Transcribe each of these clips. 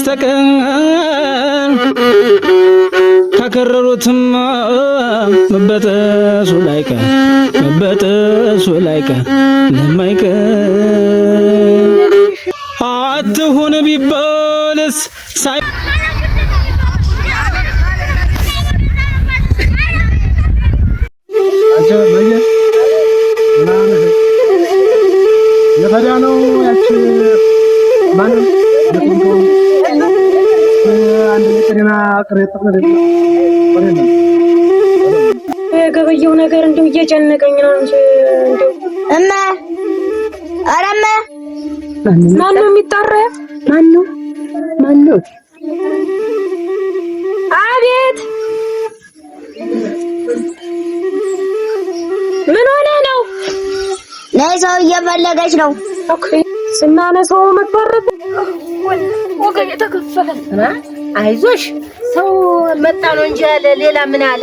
በስተቀር ከከረሩትም መበጠሱ ላይቀር መበጠሱ ላይቀር ለማይቀር አትሁን ቢባልስ ሳይ ገበየው ነገር እንደው እየጨነቀኝ ነው እንጂ እማ ኧረ እማ ማን ነው የሚጠራ? ማን ነው ማን ነው? አቤት ምን ሆነ ነው? ነይ ሰው እየፈለገች ነው። ስናነሳው መጥቶ ወገ የተከፈለ አይዞሽ ሰው መጣ ነው እንጂ ያለ ሌላ ምን አለ?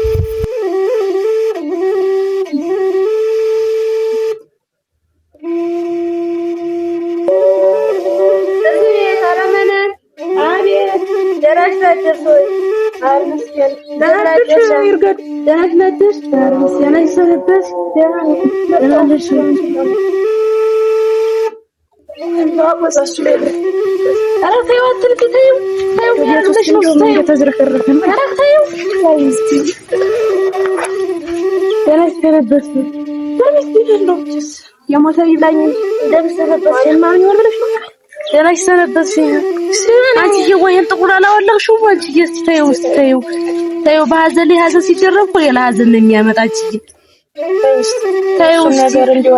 Purpose, Devan ተይው በሀዘን ላይ ሀዘን ሲጀረብ እኮ ሌላ ሀዘን ነው የሚያመጣችኝ። ተይው እስኪ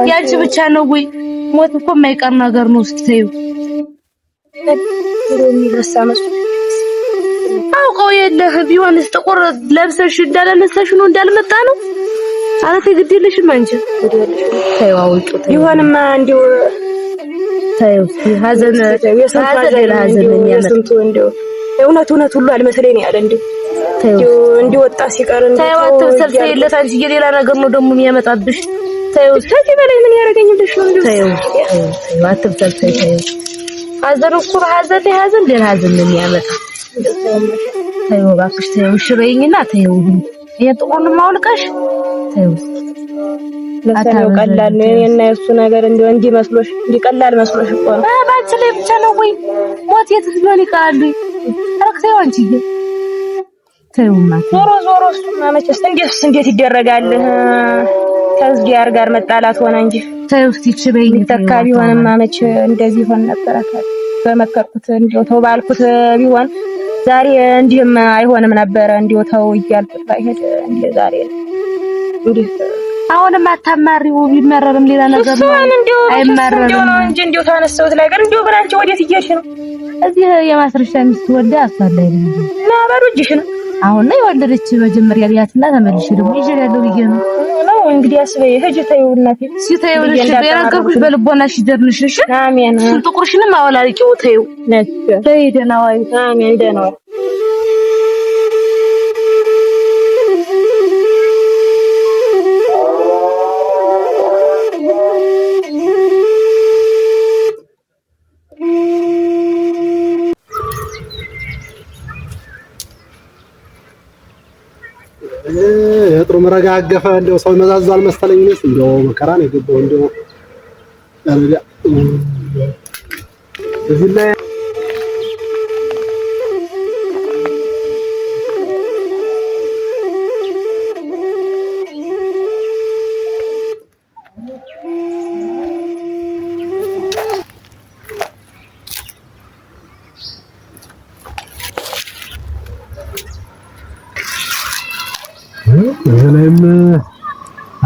ያንቺ ብቻ ነው ወይ? ሞት እኮ የማይቀር ነገር ነው። እስኪ ተይው አውቀው የለህ ቢሆንስ ጥቁር ለብሰሽ እንዳለነሳሽ ነው እንዳልመጣ ነው። ኧረ ተይ ግድ የለሽም አንቺ ተይው። አውጡ ቢሆንማ እንዲሁ ተይው። ሀዘን ሀዘን ሌላ ሀዘን የሚያመጣ እውነት እውነት ሁሉ አልመሰለኝ ያለ እንዴ እንዲህ ወጣ ሲቀር ታይዋት ሰልፍ የለት አንቺ የሌላ ነገር ነው ደግሞ የሚያመጣብሽ። ታይው ከዚህ በላይ ምን ያደርገኝልሽ ነው እንዴ? ታይው ታይዋት ሰልፍ ታይው ሀዘን እኮ በሀዘን ላይ ሀዘን ሌላ ሀዘን ነው የሚያመጣ። ታይው እባክሽ ታይው ሽረኝና ታይው የጥቁን ማውልቀሽ ታይው ለሰው ቀላል ነው እና የሱ ነገር እንዴ እንዲህ መስሎሽ እንዲህ ቀላል መስሎሽ እኮ ነው። በአንቺ ላይ ብቻ ነው ወይ ሞት የትስ ነው ይቀራል። ተይው አንቺ ተይውማ። ዞሮ ዞሮ እሱማ መቼስ እንዴት እንዴት ይደረጋል ከዚህ ጋር ጋር መጣላት ሆነ እንጂ ተይው እስኪ እቺ በይኝ። ተካ ቢሆንማ መቼ እንደዚህ ሆነ ነበር። በመከርኩት እንደው ተው ባልኩት ቢሆን ዛሬ እንዲህም አይሆንም ነበረ። እንደው ተው እያልኩት ባይሄድ እንደ ዛሬ እንዴ አሁንም አታማሪው ቢመረርም ሌላ ነገር ነው። አይመረርም እንጂ እንደው ተነስተውት ላይ ግን እንደው ብላንቺ ወዴት እየሄድሽ ነው? እዚህ የማስረሻ ሚስት ወልዳ ላይ ነው ማበሩ እጅሽ ነው። አሁን ላይ የወለደች መጀመሪያ ቢያትና ተመልሽ ደግሞ ያለው ብዬ ነው ነው እንግዲህ አስበ ሂጂ ተይው እናቴ ሲተይው ልሽ የነገርኩሽ በልቦና ሽደርንሽ እሺ አሜን። ጥቁርሽንም አወላልቂው ተይው ነጭ ተይ ደህና ዋይ አሜን ደህና ዋይ ተረጋገፈ። እንደው ሰው ይመዛዛል መሰለኝ። እኔስ እንደው መከራ ነው የገባው እንደው እዚህ ላይ እዚህ ላይም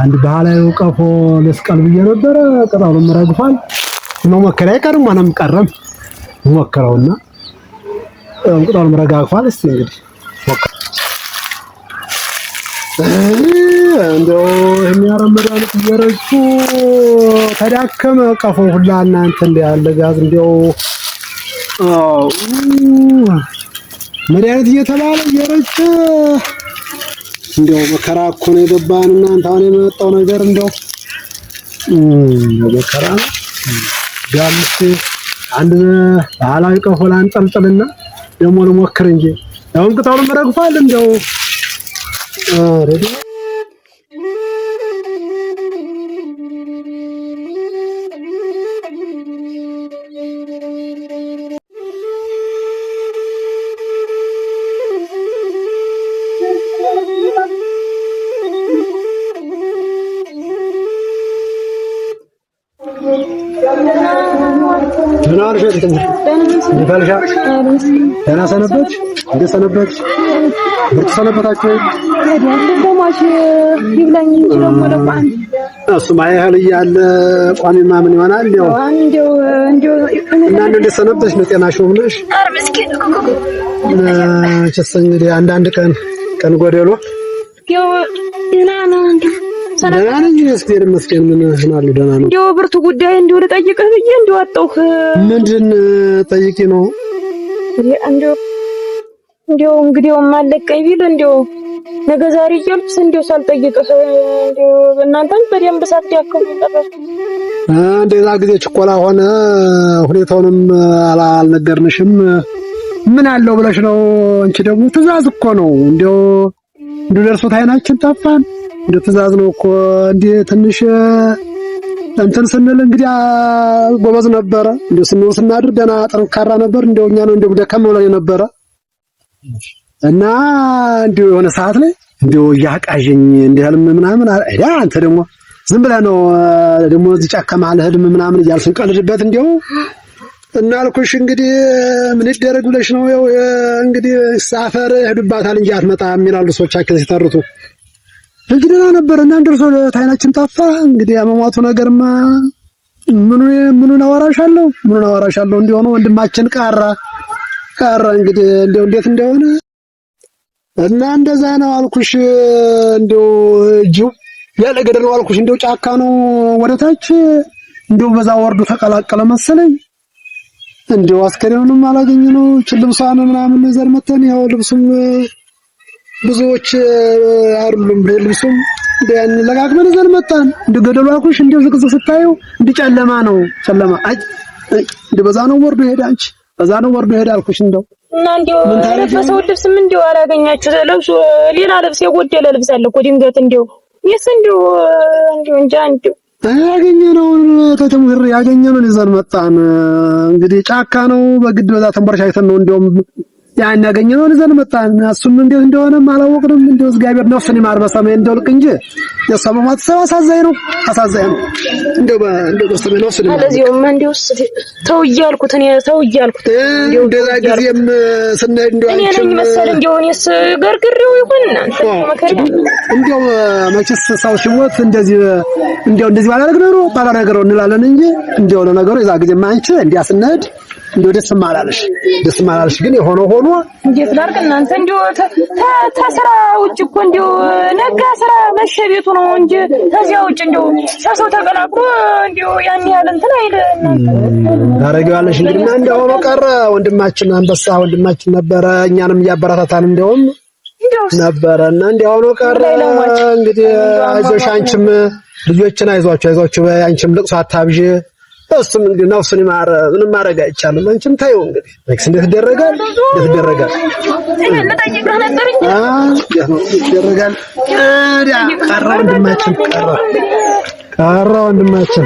አንድ ባህላዊ ቀፎ ለስቃል ብዬ ነበረ። ቅጠሉም ረግፏል። መሞከሪያ አይቀርም፣ ማንም ቀረም ሞክረውና ቅጠሉም ረጋግፏል። እስቲ እንግዲህ እንደው የሚያረመዳን እየረጩ ተዳከመ ቀፎ ሁላ እናንተ እንደ ያለ ጋዝ እንደው መድኃኒት እየተባለ እየረጨ እንዲያው መከራ እኮ ነው የገባን። እናንተ አሁን የመጣው ነገር እንደው መከራ ነው። ጋምስቴ አንድ ባህላዊ ቀፎ ላንጠልጥልና ደግሞ ልሞክር እንጂ ያውም ቅጠሉም ረግፏል እንዲያው ዋልሽ? ደህና ሰነበች? እንዴት ሰነበች? ብርቱ ሰነበታችሁ? እሱማ ያህል እያለ ቋሚማ ምን ይሆናል? እንደው እና እንዴት ሰነበች? ነሽ? እንግዲህ አንዳንድ ቀን ቀን ጎደሎ እግዚአብሔር ይመስገን። ምን ሆናለሁ? ደህና ነው። እንደው ብርቱ ጉዳይ እንደው ልጠይቅህ ብዬ እንደው አጣሁህ። ምንድን ጠይቂ ነው? እንደው እንደው አለቀኝ ቢል እንደው ነገ ዛሬ እያልኩ እንደው ሳልጠይቅህ እንደው እናንተም በደንብ ሳትያክሙ የጠራችሁ እንደዛ ጊዜ ችኮላ ሆነ። ሁኔታውንም አልነገርንሽም። ምን አለው ብለሽ ነው። አንቺ ደግሞ ትእዛዝ እኮ ነው። እንደው እንደው ደርሶት አይናችን ጠፋን። እንደ ትእዛዝ ነው እኮ እንዲህ ትንሽ እንትን ስንል እንግዲህ ጎበዝ ነበረ። እንደ ስንውል ስናድር ደህና ጠንካራ ነበር። እንደው እኛ ነው እንደው ደከም ብሎ የነበረ እና እንዲሁ የሆነ ሰዓት ላይ እንዲሁ እያቃዠኝ እንደ ህልም ምናምን አይዳ አንተ ደግሞ ዝም ብለህ ነው ደግሞ እዚህ ጫካ መሀል ህልም ምናምን እያልኩ ቀልድበት እንዲሁ እናልኩሽ እንግዲህ ምን ይደረግ ብለሽ ነው ያው እንግዲህ ሳፈር ሄዱባታል እንጂ አትመጣም ይላሉ ሰዎቻችን ሲተርቱ እንግዲህ ደህና ነበር እና እንደርሶለት አይናችን ጠፋ። እንግዲህ አመሟቱ ነገርማ ምኑን አወራሻለሁ ምኑን አወራሻለሁ። እንዲሆነ ወንድማችን ቃራ ቀረ። እንግዲህ እንደው እንዴት እንደሆነ እና እንደዛ ነው አልኩሽ። እንደው እጅው ያለ ገደል ነው አልኩሽ። እንደው ጫካ ነው ወደታች እንደው በዛ ወርዶ ተቀላቀለ መሰለኝ። እንደው አስከሬውንም አላገኘ ነው ችልብሷን ምናምን ዘር መተን ያው ልብሱም ብዙዎች አሉም ልብሱም ያን ለቃቅመን ይዘን መጣን። እንደ ገደሉ አኩሽ እንደ ዝቅዝቅ ስታየው እንደ ጨለማ ነው። ጨለማ አይ እንደ በዛ ነው ወርዶ ይሄድ። አንቺ በዛ ነው ወርዶ ይሄድ አልኩሽ። እንደው እና እንደው ልብስ ምን እንደው አላገኛችሁ ለብሱ ሌላ ልብስ የጎደለ ልብስ አለ እኮ ድንገት እንደው የስ እንደው እንደው እንጃ እንደው ያገኘነውን ተተምህር ያገኘነውን ይዘን መጣን። እንግዲህ ጫካ ነው በግድ በዛ ተንበረሻይተን ነው እንደውም ያን ያገኘነውን ይዘን መጣን። እሱም እንዴት እንደሆነም አላወቅንም። እንደው እግዚአብሔር ነፍስን ይማር በሰማይ እንደልቅ እንጂ የሰማማት ሰው አሳዛኝ ነው፣ አሳዛኝ ነው። እንደው እንደው በሰማይ ነፍስን ይማር። አለዚህማ እንደው ተው እያልኩት እኔ ተው እያልኩት እንደው እንደዛ ጊዜም ስንሄድ እንደው እኔ ነኝ መሰለኝ እንደው እኔስ ገርግሬው ይሁን እናንተ መከረኝ። እንደው መቼስ ሰው ሽወት እንደዚህ እንደው እንደዚህ ባላደረግ ነው ባላደረግ እንላለን እንጂ እንደው ለነገሩ የዛ ጊዜማ አንቺ እንዲያ ስንሄድ እንደው ደስ ማላለሽ ደስ ማላለሽ። ግን የሆነ ሆኖ እንዴት ላድርግ እናንተ እንደው ተስራ ውጭ እኮ እንደው ነጋ ስራ መሸ ቤቱ ነው እንጂ ከዚያ ውጭ እንደው ሰው ተቀላቅሎ እንደው ያን ያህል እንትን አይደ ታደርጊዋለሽ። እንግዲህ እና እንደው ሆኖ ቀረ። ወንድማችን አንበሳ ወንድማችን ነበረ፣ እኛንም እያበረታታን እንደውም ነበረ እና እንደው ሆኖ ቀረ። እንግዲህ አይዞሽ አንቺም ልጆችን አይዟቸው አይዟቸው፣ አንቺም ልቅሶ አታብዢ እሱም እንግዲህ ነፍሱን ይማረ። ምንም ማድረግ አይቻልም። አንቺም ታየው እንግዲህ ነክስ እንዴት ይደረጋል? እንዴት ይደረጋል? ቀረ ወንድማችን ቀረ ቀረ ወንድማችን